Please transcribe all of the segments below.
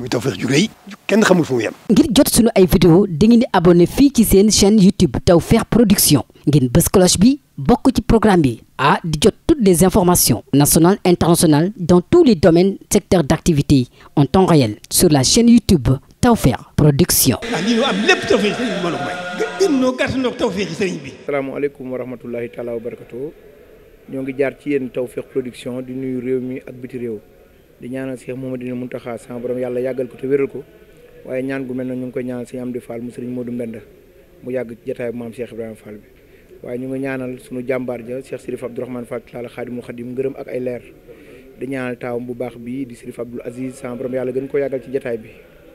muy Tawfekh ju rëy kenn xamul fu mu yem. ngir jot sunu ay vidéo dangeen di abonné fii ci seen chaîne YouTube Tawfekh Production ngeen bës cloche bi bokk ci programme bi ah di jot toutes des informations nationale internationales dans tous les domaines secteurs d'activité en temps réel sur la chaine YouTube Tawfekh Production. ah lii am lépp Tawfekh sëriñ bi mbooloo mooy. gën bi. asalaamaaleykum wa rahmatulahi taala wa barakatuh ñoo ngi jaar ci yéen Tawfekh Production di nuyu réew mi ak biti réew. di ñaanal moom Cheikh Mouhamadou Mountakha sama borom yàlla yàggal ko te wéral ko waaye ñaan gu mel na ñu ngi koy ñaanal Serigne Amdi Fall mu Serigne Modou Mbenda mu yàgg jotaay bu maam Cheikh Ibrahima Fall bi waaye ñu ngi ñaanal sunu jàmbaar ja Cheikh Sirif Abdourahmane Fall Tall Xaadimul Xadim ngërëm ak ay leer di ñaanal taawam bu baax bii di Sirif Abdoul Aziz sama borom yàlla gën ko yàggal ci jotaay bi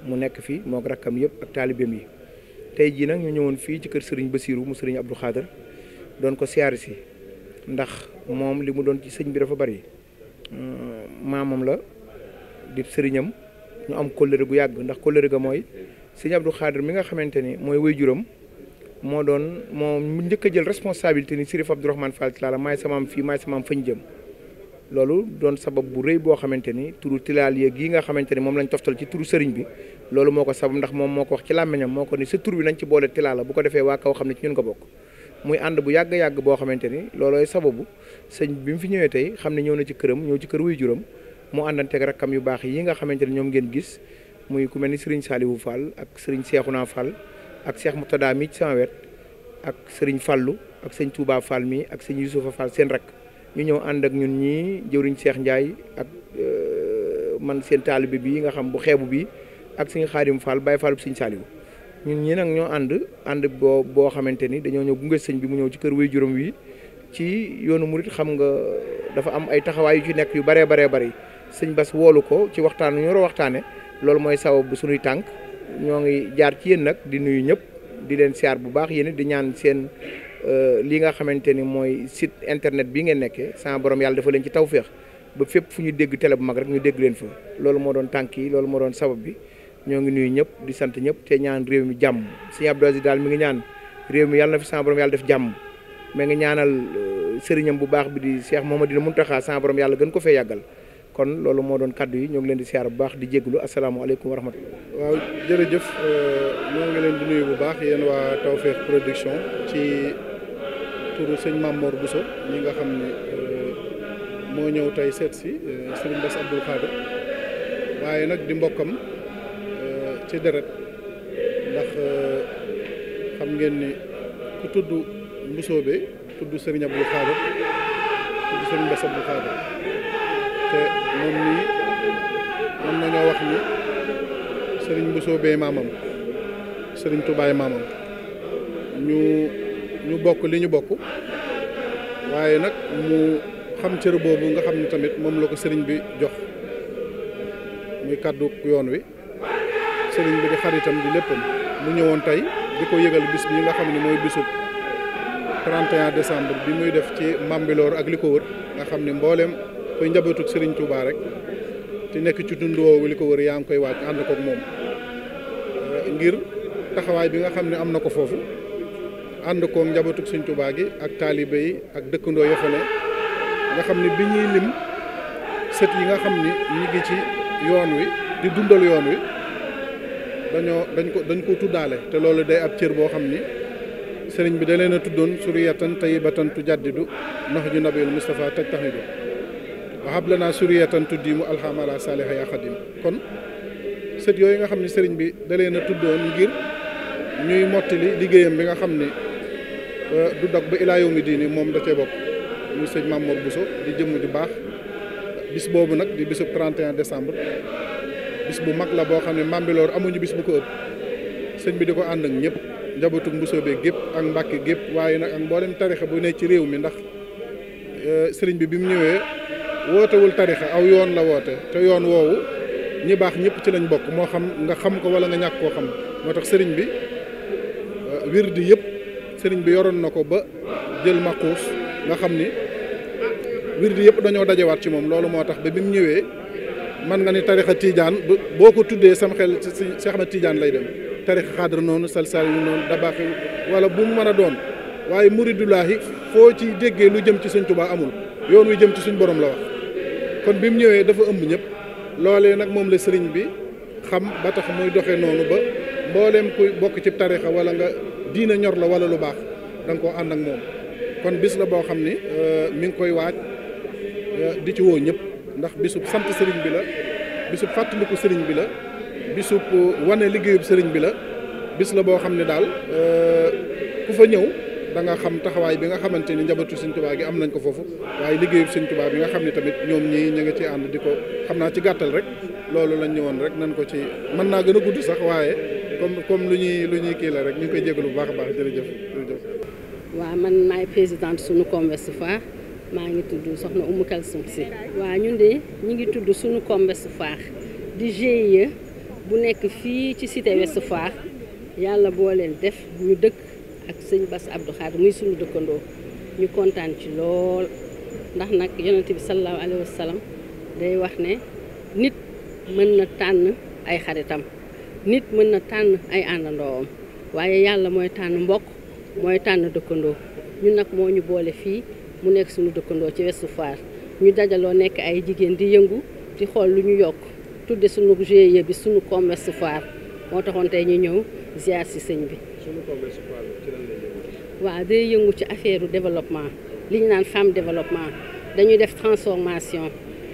mu nekk fi moo ak rakkam yëpp ak taalibeem yi tey jii nag ñu ñëwoon fii ci kër Serigne Bassirou mu Serigne Abdou Khader doon ko siyaari si ndax moom li mu doon ci sëñ bi dafa bari Euh, maamam la di sëriñam ñu am kóllëre bu yàgg ndax kóllëre ga mooy sëñ Abdou Khadir mi nga xamante ni mooy waajuram moo doon moo njëkk a jël responsabilité ni Sérif Abdourahmane Fall Tilala maay samaam fii maay samaam fañ jëm loolu doon sabab bu rëy boo xamante ni turu Tilaaliya gii nga xamante ni moom lañ toftal ci turu sëriñ bi loolu moo ko sabab ndax moom moo ko wax ci làmmiñam moo ko ni sa tur bi nañ ci boole Tilala bu ko defee waa kaw xam bokk muy ànd bu yàgg-yàgg boo xamante ni loolooy sababu sëñ bi mu fi ñëwee tey xam ne ñëw na ci këram ñëw ci kër wuy juram mu àndanteeg rakkam yu baax yi nga xamante ne ñoom ngeen gis muy ku mel ni sëriñ Saliou Fall ak sëriñ seexu naa Fall ak Cheikh Moutada mi ci sama wet ak sëriñ Fallou ak sëñ Touba Fall mii ak sëñ Youssoufa Fall seen rak ñu ñëw ànd ak ñun ñii jëwriñ seex Ndiaye ak euh, man seen taalibe bi nga xam bu xeebu bi ak sëñ Xaadim Fall Baye Fall sëñ Saliou ñun ñi nag ñoo ànd ànd boo boo xamante ni dañoo ñëw gunge sëñ bi mu ñëw ci kër wuy juróom wi ci yoonu murit xam nga dafa am ay taxawaay yu ci nekk yu baree baree bari sëñ bas woolu ko ci waxtaan ñu war waxtaane loolu mooy sabab bu suñuy tànk ñoo ngi jaar ci yéen nag di nuyu ñëpp di leen siyaar bu baax yéen di ñaan seen euh, li nga xamante ni mooy sit internet bi ngeen nekkee sama borom yàlla dafa leen ci tawféex ba fépp fu ñu dégg télé bu mag rek ñu dégg leen fa loolu moo doon tànk yi loolu moo doon sabab bi ñoo ngi nuyu ñëpp di sant ñëpp te ñaan réew mi jàmm sëñ Abdou Aziz daal mi ngi ñaan réew mi yàlla na fi sama borom yàlla def jàmm mais ngi ñaanal euh, sëriñam bu baax bi di Cheikh Mouhamadou Mountakha sama borom yàlla gën ko fee yàggal kon loolu moo doon kaddu yi ñoo ngi leen di siyaar bu baax di jéglu asalaamualeykum wa rahmatullah waaw jërëjëf euh, ñoo ngi leen di nuyu bu baax yéen waa taw Tawfekh Production ci turu sëñ bu so ñi nga xam ne euh, moo ñëw tey seet si sëriñ nag di mbokkam ci deret ndax euh, xam ngeen ni ku tudd Mbusoobe tudd sëriñ Abdou Khadre tudd sëriñ Bass Abdou Khadre te moom nii mën nañoo wax ni sëriñ Mbusoobe maamam sëriñ Tubaay maamam ñu ñu bokk li ñu bokk waaye nag mu xam cër boobu nga xam ni tamit moom la ko sëriñ bi jox muy kàddu yoon wi sëriñ bi di xaritam di léppam mu ñëwoon tey di ko yëgal bis nga xam ne mooy bisub 31 décembre bi muy def ci Mbambilor ak li ko wër nga xam ne mbooleem koy njabootug sëriñ Touba rek te nekk ci dund woowu li ko wër yaa ngi koy waaj ànd koog moom euh, ngir taxawaay bi nga xam ne am na ko foofu ànd koog njabootug sëriñ Touba gi ak taalibe yi ak dëkkandoo yoo fa nga xam ne bi ñuy lim sët yi nga xam ni ñu gi ci yoon wi di dundal yoon wi dañoo dañ ko dañ ko tuddaale te loolu day ab cër boo xam ni sëriñ bi da leen a tuddoon suriyatan tayyibatan tu jaddidu nax ju nabiyul Mustafa teg tax ju waxab la naa suriyatan tuddi mu alxamala saaliha yaa xadim kon sët yooyu nga xam ne sëriñ bi da leen a tuddoon ngir ñuy mottali liggéeyam bi nga xam ne euh, du dog ba ilaa yawmi diini moom da cee bokk muy sëñ Mamour buso di jëmm ju baax bis boobu nag di bisub 31 décembre bis bu mag la boo xam ne Mbambilor amuñu bis bu ko ëpp sëñ bi di ko ànd ak ñëpp njabootu Mbusoobe gépp ak Mbàkke gépp waaye nag ak mboolem tarixa bu ne ci réew mi ndax e, sëriñ bi bi mu ñëwee wootewul tarixa aw yoon la woote te yoon woowu ñi baax ñëpp ci lañ bokk moo xam nga xam ko wala nga ñàkk koo xam moo tax sëriñ bi e, wirdi yëpp sëriñ bi yoroon na ko ba jël maquus nga xam ni wirdi yëpp dañoo dajewaat ci moom loolu moo tax ba bi mu ñëwee man nga ni tarixa tiijaan boo ko tuddee sama xel si si Ahmad Tiijaan lay dem tarixa xaadar noonu salsal yu noonu dabaax wala bu mu mën a doon waaye muri muridulaahi foo ci déggee lu jëm ci suñ tubaa amul yoon wi jëm ci suñu borom la wax kon bi mu ñëwee dafa ëmb ñëpp loolee nag moom la sëriñ bi xam ba tax muy doxee noonu ba mbooleem kuy bokk ci tarixa wala nga diina ñor la wala lu baax da nga koo ànd ak moom kon bis la boo xam ni euh, mi ngi koy waaj euh, di ci woo ñëpp ndax bisub sant sëriñ bi la bisub fàttaliku sëriñ bi la bisub wane liggéeyub sëriñ bi la bis la boo xam ne daal euh, ku fa ñëw da nga xam taxawaay bi nga xamante ni njabatu sëriñ Tuubaa gi am nañ ko foofu waaye liggéeyub sëriñ Tuubaa bi nga xam ne tamit ñoom ñii ñu nga ci ànd di ko xam naa ci gàttal rek loolu lañ ñëwoon rek nan ko ci mën naa gën a gudd sax waaye comme comme lu ñuy lu ñuy kii la rek ñu ngi koy jégalu bu baax a baax jërëjëf jërëjëf. waaw man maay maa ngi tudd soxna Oumou Kalsoum si waaw ñun de ñu ngi tudd suñu koom Ouest Foire di GIE bu nekk fii ci cité Ouest Foire yàlla boo leen def ñu dëkk ak sëñ Bass Abdou Khadre muy suñu dëkkandoo ñu kontaan ci lool ndax nag yonent bi sallallahu alayhi wa day wax ne nit mën na tànn ay xaritam nit mën na tànn ay àndandoowam waaye yàlla mooy tànn mbokk mooy tànn dëkkandoo ñun nag moo ñu boole fii mu nekk suñu dëkkandoo ci Ouest Foire ñu dajaloo nekk ay jigéen di yëngu di xool lu ñu yokk tudde suñu GIE bi sunu koom Ouest Foire moo taxoon tey ñu ñëw ziar si sëñ bi. waa koom yëngu. ci affaire développement li ñu naan femme développement dañuy def transformation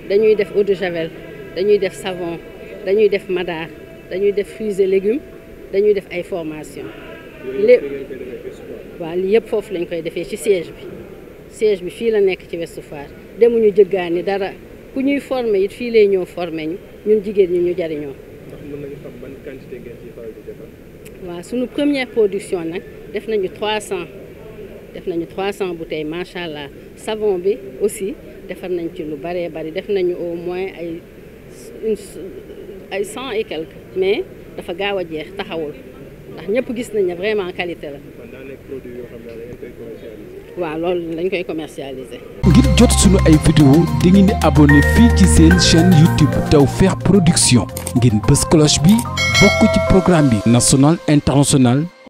dañuy def eau de javel dañuy def savon dañuy def madaar dañuy def fruits et légumes dañuy def ay formation lépp yëpp foofu lañ koy defee ci siège bi. siège bi fii la nekk ci Ouest Foire demuñu ni dara ku ñuy formé it fii lay ñëw formé ñu ñu jigéen ñi ñu jariñoo. ndax waaw suñu première production nag def nañu 300 def nañu 300 bouteilles macha allah savon bi aussi defar nañ ci lu baree bari def nañu au moins ay ay cent et quelques mais dafa gaaw a jeex taxawul ndax ñëpp gis nañ ne vraiment qualité la. waaw loolu dañ koy commercialiser. ngir jot suñu ay vidéo di ngeen di abonné fii ci seen chaîne YouTube Tawfekh Production ngeen bës cloche bi bokk ci programme bi national international.